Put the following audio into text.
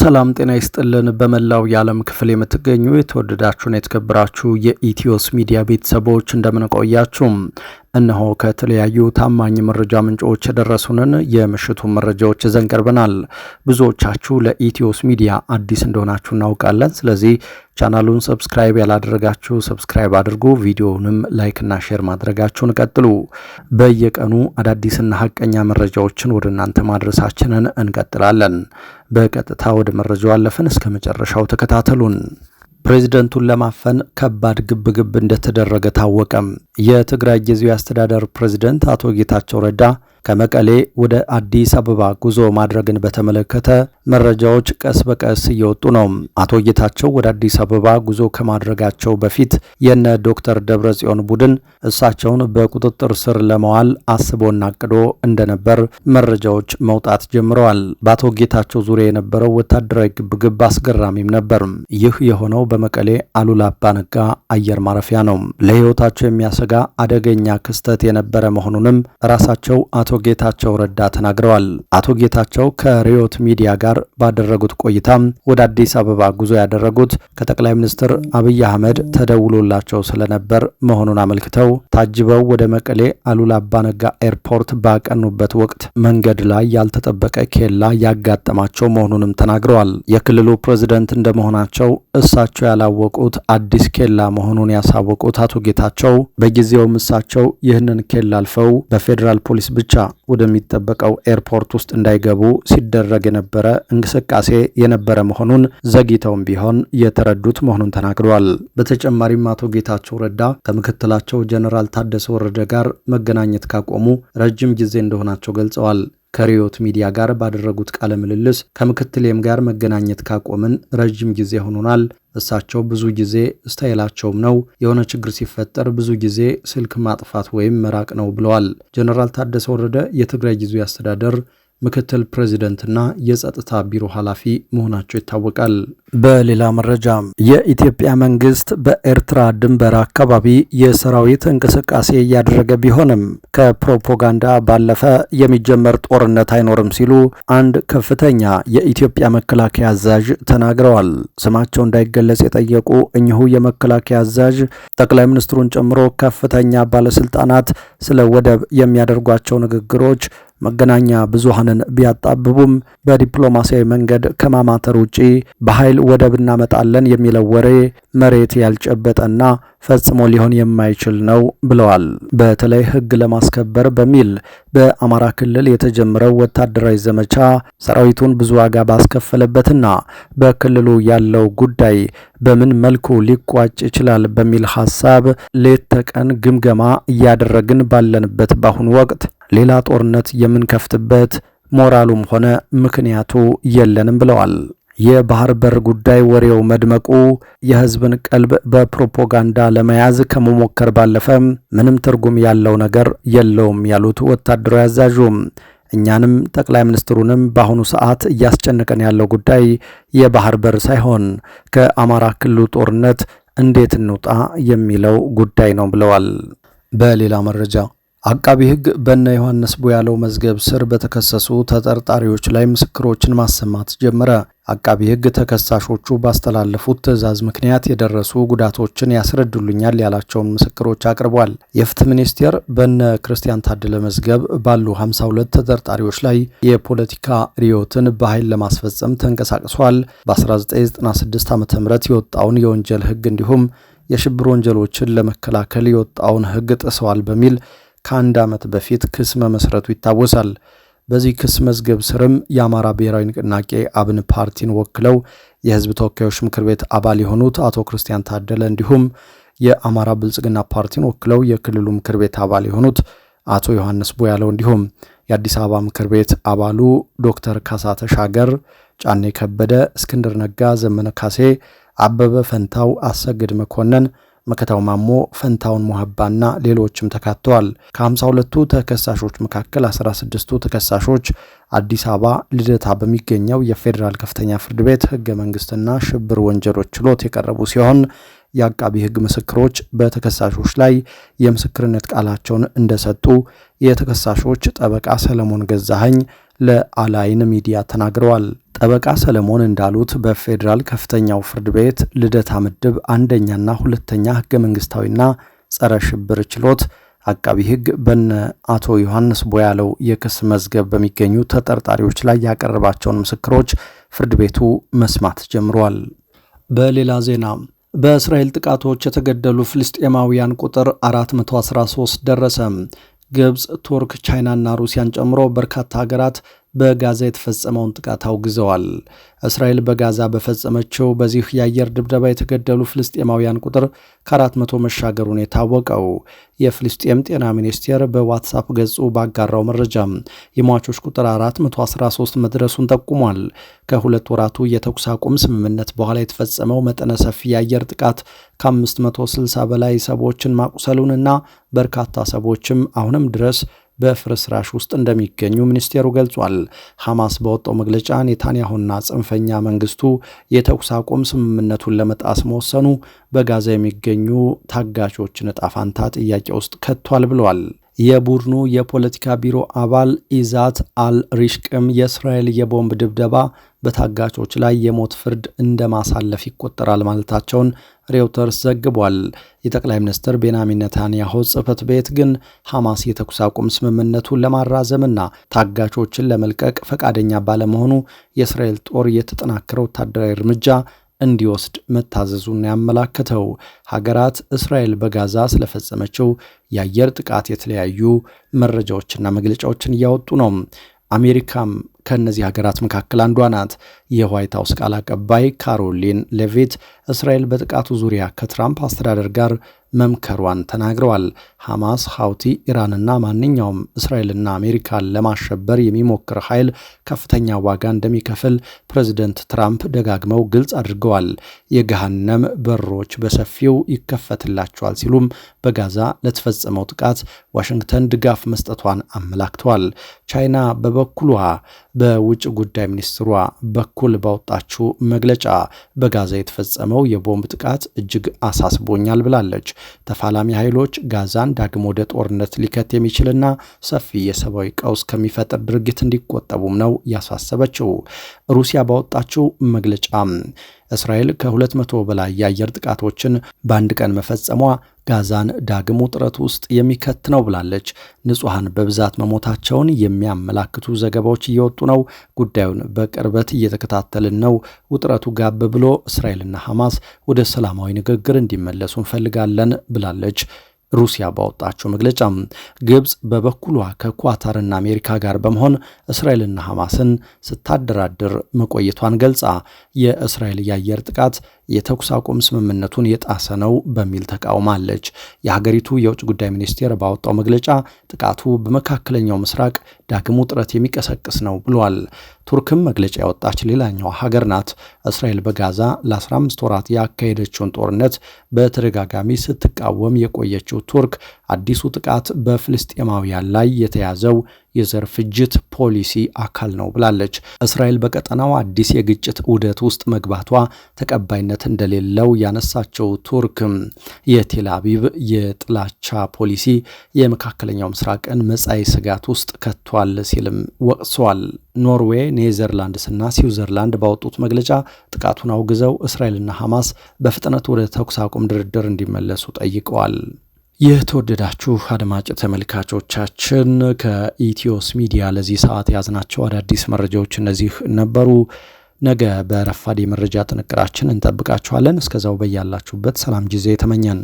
ሰላም ጤና ይስጥልን። በመላው የዓለም ክፍል የምትገኙ የተወደዳችሁን የተከበራችሁ የኢትዮስ ሚዲያ ቤተሰቦች እንደምንቆያችሁ እነሆ ከተለያዩ ታማኝ መረጃ ምንጮች የደረሱንን የምሽቱ መረጃዎች ይዘን ቀርበናል። ብዙዎቻችሁ ለኢትዮስ ሚዲያ አዲስ እንደሆናችሁ እናውቃለን። ስለዚህ ቻናሉን ሰብስክራይብ ያላደረጋችሁ ሰብስክራይብ አድርጉ። ቪዲዮውንም ላይክና ሼር ማድረጋችሁን ቀጥሉ። በየቀኑ አዳዲስና ሀቀኛ መረጃዎችን ወደ እናንተ ማድረሳችንን እንቀጥላለን። በቀጥታ ወደ መረጃው አለፍን። እስከ መጨረሻው ተከታተሉን። ፕሬዚደንቱን ለማፈን ከባድ ግብግብ እንደተደረገ ታወቀም። የትግራይ ጊዜያዊ አስተዳደር ፕሬዝደንት አቶ ጌታቸው ረዳ ከመቀሌ ወደ አዲስ አበባ ጉዞ ማድረግን በተመለከተ መረጃዎች ቀስ በቀስ እየወጡ ነው። አቶ ጌታቸው ወደ አዲስ አበባ ጉዞ ከማድረጋቸው በፊት የነ ዶክተር ደብረጽዮን ቡድን እሳቸውን በቁጥጥር ስር ለመዋል አስቦና አቅዶ እንደነበር መረጃዎች መውጣት ጀምረዋል። በአቶ ጌታቸው ዙሪያ የነበረው ወታደራዊ ግብግብ አስገራሚም ነበር። ይህ የሆነው በመቀሌ አሉላ አባነጋ አየር ማረፊያ ነው። ለሕይወታቸው የሚያሰጋ አደገኛ ክስተት የነበረ መሆኑንም ራሳቸው አቶ ጌታቸው ረዳ ተናግረዋል። አቶ ጌታቸው ከሪዮት ሚዲያ ጋር ባደረጉት ቆይታም ወደ አዲስ አበባ ጉዞ ያደረጉት ከጠቅላይ ሚኒስትር አብይ አህመድ ተደውሎላቸው ስለነበር መሆኑን አመልክተው ታጅበው ወደ መቀሌ አሉላ አባነጋ ኤርፖርት ባቀኑበት ወቅት መንገድ ላይ ያልተጠበቀ ኬላ ያጋጠማቸው መሆኑንም ተናግረዋል። የክልሉ ፕሬዝደንት እንደመሆናቸው እሳቸው ያላወቁት አዲስ ኬላ መሆኑን ያሳወቁት አቶ ጌታቸው በጊዜውም እሳቸው ይህንን ኬላ አልፈው በፌዴራል ፖሊስ ብቻ ወደሚጠበቀው ኤርፖርት ውስጥ እንዳይገቡ ሲደረግ የነበረ እንቅስቃሴ የነበረ መሆኑን ዘግይተውም ቢሆን የተረዱት መሆኑን ተናግረዋል። በተጨማሪም አቶ ጌታቸው ረዳ ከምክትላቸው ጀነራል ታደሰ ወረደ ጋር መገናኘት ካቆሙ ረጅም ጊዜ እንደሆናቸው ገልጸዋል። ከሪዮት ሚዲያ ጋር ባደረጉት ቃለ ምልልስ ከምክትሌም ጋር መገናኘት ካቆምን ረጅም ጊዜ ሆኖናል። እሳቸው ብዙ ጊዜ ስታይላቸውም ነው የሆነ ችግር ሲፈጠር ብዙ ጊዜ ስልክ ማጥፋት ወይም መራቅ ነው ብለዋል። ጀነራል ታደሰ ወረደ የትግራይ ጊዜያዊ አስተዳደር ምክትል ፕሬዚደንትና የጸጥታ ቢሮ ኃላፊ መሆናቸው ይታወቃል። በሌላ መረጃ የኢትዮጵያ መንግስት በኤርትራ ድንበር አካባቢ የሰራዊት እንቅስቃሴ እያደረገ ቢሆንም ከፕሮፓጋንዳ ባለፈ የሚጀመር ጦርነት አይኖርም ሲሉ አንድ ከፍተኛ የኢትዮጵያ መከላከያ አዛዥ ተናግረዋል። ስማቸው እንዳይገለጽ የጠየቁ እኚሁ የመከላከያ አዛዥ ጠቅላይ ሚኒስትሩን ጨምሮ ከፍተኛ ባለስልጣናት ስለ ወደብ የሚያደርጓቸው ንግግሮች መገናኛ ብዙሃንን ቢያጣብቡም በዲፕሎማሲያዊ መንገድ ከማማተር ውጪ በኃይል ወደብ እናመጣለን የሚለው ወሬ መሬት ያልጨበጠና ፈጽሞ ሊሆን የማይችል ነው ብለዋል። በተለይ ሕግ ለማስከበር በሚል በአማራ ክልል የተጀመረው ወታደራዊ ዘመቻ ሰራዊቱን ብዙ ዋጋ ባስከፈለበትና በክልሉ ያለው ጉዳይ በምን መልኩ ሊቋጭ ይችላል በሚል ሀሳብ ሌት ተቀን ግምገማ እያደረግን ባለንበት በአሁኑ ወቅት ሌላ ጦርነት የምንከፍትበት ሞራሉም ሆነ ምክንያቱ የለንም ብለዋል። የባህር በር ጉዳይ ወሬው መድመቁ የህዝብን ቀልብ በፕሮፓጋንዳ ለመያዝ ከመሞከር ባለፈ ምንም ትርጉም ያለው ነገር የለውም ያሉት ወታደራዊ አዛዡም እኛንም ጠቅላይ ሚኒስትሩንም በአሁኑ ሰዓት እያስጨነቀን ያለው ጉዳይ የባህር በር ሳይሆን ከአማራ ክልሉ ጦርነት እንዴት እንውጣ የሚለው ጉዳይ ነው ብለዋል። በሌላ መረጃ አቃቢ ሕግ በነ ዮሐንስ ቦያለው መዝገብ ስር በተከሰሱ ተጠርጣሪዎች ላይ ምስክሮችን ማሰማት ጀመረ። አቃቢ ሕግ ተከሳሾቹ ባስተላለፉት ትዕዛዝ ምክንያት የደረሱ ጉዳቶችን ያስረዱልኛል ያላቸውን ምስክሮች አቅርቧል። የፍትህ ሚኒስቴር በነ ክርስቲያን ታደለ መዝገብ ባሉ 52 ተጠርጣሪዎች ላይ የፖለቲካ ርዕዮትን በኃይል ለማስፈጸም ተንቀሳቅሷል፣ በ1996 ዓ ም የወጣውን የወንጀል ሕግ እንዲሁም የሽብር ወንጀሎችን ለመከላከል የወጣውን ሕግ ጥሰዋል በሚል ከአንድ ዓመት በፊት ክስ መመስረቱ ይታወሳል። በዚህ ክስ መዝገብ ስርም የአማራ ብሔራዊ ንቅናቄ አብን ፓርቲን ወክለው የህዝብ ተወካዮች ምክር ቤት አባል የሆኑት አቶ ክርስቲያን ታደለ እንዲሁም የአማራ ብልጽግና ፓርቲን ወክለው የክልሉ ምክር ቤት አባል የሆኑት አቶ ዮሐንስ ቦያለው እንዲሁም የአዲስ አበባ ምክር ቤት አባሉ ዶክተር ካሳ ተሻገር፣ ጫኔ ከበደ፣ እስክንድር ነጋ፣ ዘመነ ካሴ፣ አበበ ፈንታው፣ አሰግድ መኮንን መከታው ማሞ፣ ፈንታውን ሞሀባና ሌሎችም ተካተዋል። 52 ሁለቱ ተከሳሾች መካከል 16ቱ ተከሳሾች አዲስ አበባ ልደታ በሚገኘው የፌዴራል ከፍተኛ ፍርድ ቤት ህገ መንግስትና ሽብር ወንጀሎች ችሎት የቀረቡ ሲሆን የአቃቢ ህግ ምስክሮች በተከሳሾች ላይ የምስክርነት ቃላቸውን እንደሰጡ የተከሳሾች ጠበቃ ሰለሞን ገዛኸኝ ለአላይን ሚዲያ ተናግረዋል። ጠበቃ ሰለሞን እንዳሉት በፌዴራል ከፍተኛው ፍርድ ቤት ልደታ ምድብ አንደኛና ሁለተኛ ህገ መንግስታዊና ጸረ ሽብር ችሎት አቃቢ ህግ በነ አቶ ዮሐንስ ቦያለው የክስ መዝገብ በሚገኙ ተጠርጣሪዎች ላይ ያቀረባቸውን ምስክሮች ፍርድ ቤቱ መስማት ጀምሯል። በሌላ ዜና በእስራኤል ጥቃቶች የተገደሉ ፍልስጤማውያን ቁጥር 413 ደረሰ። ግብፅ፣ ቱርክ፣ ቻይናና ሩሲያን ጨምሮ በርካታ ሀገራት በጋዛ የተፈጸመውን ጥቃት አውግዘዋል። እስራኤል በጋዛ በፈጸመችው በዚህ የአየር ድብደባ የተገደሉ ፍልስጤማውያን ቁጥር ከአራት መቶ መሻገሩን የታወቀው የፍልስጤም ጤና ሚኒስቴር በዋትሳፕ ገጹ ባጋራው መረጃ የሟቾች ቁጥር 413 መድረሱን ጠቁሟል። ከሁለት ወራቱ የተኩስ አቁም ስምምነት በኋላ የተፈጸመው መጠነ ሰፊ የአየር ጥቃት ከ560 በላይ ሰዎችን ማቁሰሉንና በርካታ ሰዎችም አሁንም ድረስ በፍርስራሽ ውስጥ እንደሚገኙ ሚኒስቴሩ ገልጿል። ሐማስ በወጣው መግለጫ ኔታንያሁና ጽንፈኛ መንግስቱ የተኩስ አቁም ስምምነቱን ለመጣስ መወሰኑ በጋዛ የሚገኙ ታጋቾችን ዕጣ ፋንታ ጥያቄ ውስጥ ከቷል ብለዋል። የቡድኑ የፖለቲካ ቢሮ አባል ኢዛት አልሪሽቅም የእስራኤል የቦምብ ድብደባ በታጋቾች ላይ የሞት ፍርድ እንደማሳለፍ ይቆጠራል ማለታቸውን ሬውተርስ ዘግቧል። የጠቅላይ ሚኒስትር ቤንያሚን ኔታንያሁ ጽህፈት ቤት ግን ሐማስ የተኩስ አቁም ስምምነቱን ለማራዘምና ታጋቾችን ለመልቀቅ ፈቃደኛ ባለመሆኑ የእስራኤል ጦር የተጠናከረ ወታደራዊ እርምጃ እንዲወስድ መታዘዙን ያመላከተው ሀገራት እስራኤል በጋዛ ስለፈጸመችው የአየር ጥቃት የተለያዩ መረጃዎችና መግለጫዎችን እያወጡ ነው። አሜሪካም ከእነዚህ ሀገራት መካከል አንዷ ናት። የዋይት ሀውስ ቃል አቀባይ ካሮሊን ሌቪት እስራኤል በጥቃቱ ዙሪያ ከትራምፕ አስተዳደር ጋር መምከሯን ተናግረዋል። ሐማስ፣ ሐውቲ፣ ኢራንና ማንኛውም እስራኤልና አሜሪካን ለማሸበር የሚሞክር ኃይል ከፍተኛ ዋጋ እንደሚከፍል ፕሬዚደንት ትራምፕ ደጋግመው ግልጽ አድርገዋል። የገሃነም በሮች በሰፊው ይከፈትላቸዋል ሲሉም በጋዛ ለተፈጸመው ጥቃት ዋሽንግተን ድጋፍ መስጠቷን አመላክተዋል። ቻይና በበኩሏ በውጭ ጉዳይ ሚኒስትሯ በኩል በኩል ባወጣችው መግለጫ በጋዛ የተፈጸመው የቦምብ ጥቃት እጅግ አሳስቦኛል ብላለች። ተፋላሚ ኃይሎች ጋዛን ዳግም ወደ ጦርነት ሊከት የሚችልና ሰፊ የሰብአዊ ቀውስ ከሚፈጥር ድርጊት እንዲቆጠቡም ነው ያሳሰበችው። ሩሲያ ባወጣችው መግለጫ እስራኤል ከሁለት መቶ በላይ የአየር ጥቃቶችን በአንድ ቀን መፈጸሟ ጋዛን ዳግም ውጥረት ውስጥ የሚከት ነው ብላለች። ንጹሐን በብዛት መሞታቸውን የሚያመላክቱ ዘገባዎች እየወጡ ነው። ጉዳዩን በቅርበት እየተከታተልን ነው። ውጥረቱ ጋብ ብሎ እስራኤልና ሐማስ ወደ ሰላማዊ ንግግር እንዲመለሱ እንፈልጋለን ብላለች። ሩሲያ ባወጣቸው መግለጫ ግብፅ በበኩሏ ከኳታርና አሜሪካ ጋር በመሆን እስራኤልና ሐማስን ስታደራድር መቆየቷን ገልጻ የእስራኤል የአየር ጥቃት የተኩስ አቁም ስምምነቱን የጣሰ ነው በሚል ተቃውማለች። የሀገሪቱ የውጭ ጉዳይ ሚኒስቴር ባወጣው መግለጫ ጥቃቱ በመካከለኛው ምስራቅ ዳግም ውጥረት የሚቀሰቅስ ነው ብሏል። ቱርክም መግለጫ ያወጣች ሌላኛው ሀገር ናት። እስራኤል በጋዛ ለ15 ወራት ያካሄደችውን ጦርነት በተደጋጋሚ ስትቃወም የቆየችው ቱርክ አዲሱ ጥቃት በፍልስጤማውያን ላይ የተያዘው የዘር ፍጅት ፖሊሲ አካል ነው ብላለች። እስራኤል በቀጠናው አዲስ የግጭት ውደት ውስጥ መግባቷ ተቀባይነት እንደሌለው ያነሳቸው ቱርክ የቴል አቪቭ የጥላቻ ፖሊሲ የመካከለኛው ምስራቅን መጻኢ ስጋት ውስጥ ከቷል ሲልም ወቅሷል። ኖርዌይ፣ እና ስዊዘርላንድ ባወጡት መግለጫ ጥቃቱን አውግዘው እስራኤልና ሐማስ በፍጥነት ወደ ተኩስ አቁም ድርድር እንዲመለሱ ጠይቀዋል። የተወደዳችሁ አድማጭ ተመልካቾቻችን ከኢትዮስ ሚዲያ ለዚህ ሰዓት የያዝናቸው አዳዲስ መረጃዎች እነዚህ ነበሩ። ነገ በረፋድ የመረጃ ጥንቅራችን እንጠብቃችኋለን። እስከዛው በያላችሁበት ሰላም ጊዜ ተመኘን።